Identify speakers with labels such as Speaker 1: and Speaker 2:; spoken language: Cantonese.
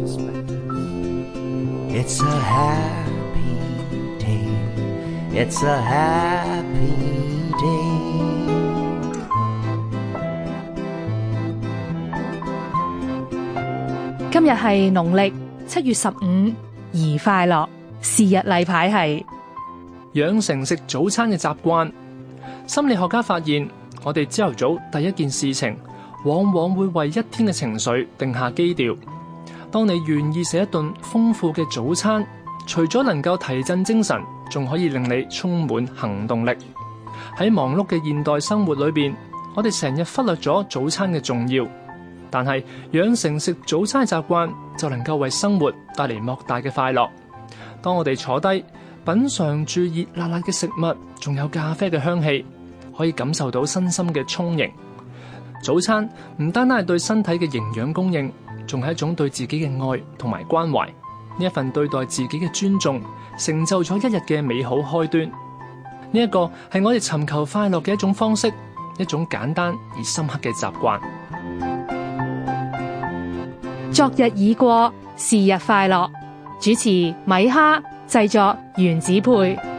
Speaker 1: It's a happy day. It's
Speaker 2: a happy day. 今日係農曆七月十五，宜快樂。是日例牌係
Speaker 1: 養成食早餐嘅習慣。心理學家發現，我哋朝頭早第一件事情，往往會為一天嘅情緒定下基調。當你願意食一頓豐富嘅早餐，除咗能夠提振精神，仲可以令你充滿行動力。喺忙碌嘅現代生活裏邊，我哋成日忽略咗早餐嘅重要。但係養成食早餐習慣，就能夠為生活帶嚟莫大嘅快樂。當我哋坐低品嚐住熱辣辣嘅食物，仲有咖啡嘅香氣，可以感受到身心嘅充盈。早餐唔單單係對身體嘅營養供應。仲係一種對自己嘅愛同埋關懷，呢一份對待自己嘅尊重，成就咗一日嘅美好開端。呢一個係我哋尋求快樂嘅一種方式，一種簡單而深刻嘅習慣。
Speaker 3: 昨日已過，是日快樂。主持米哈，製作原子配。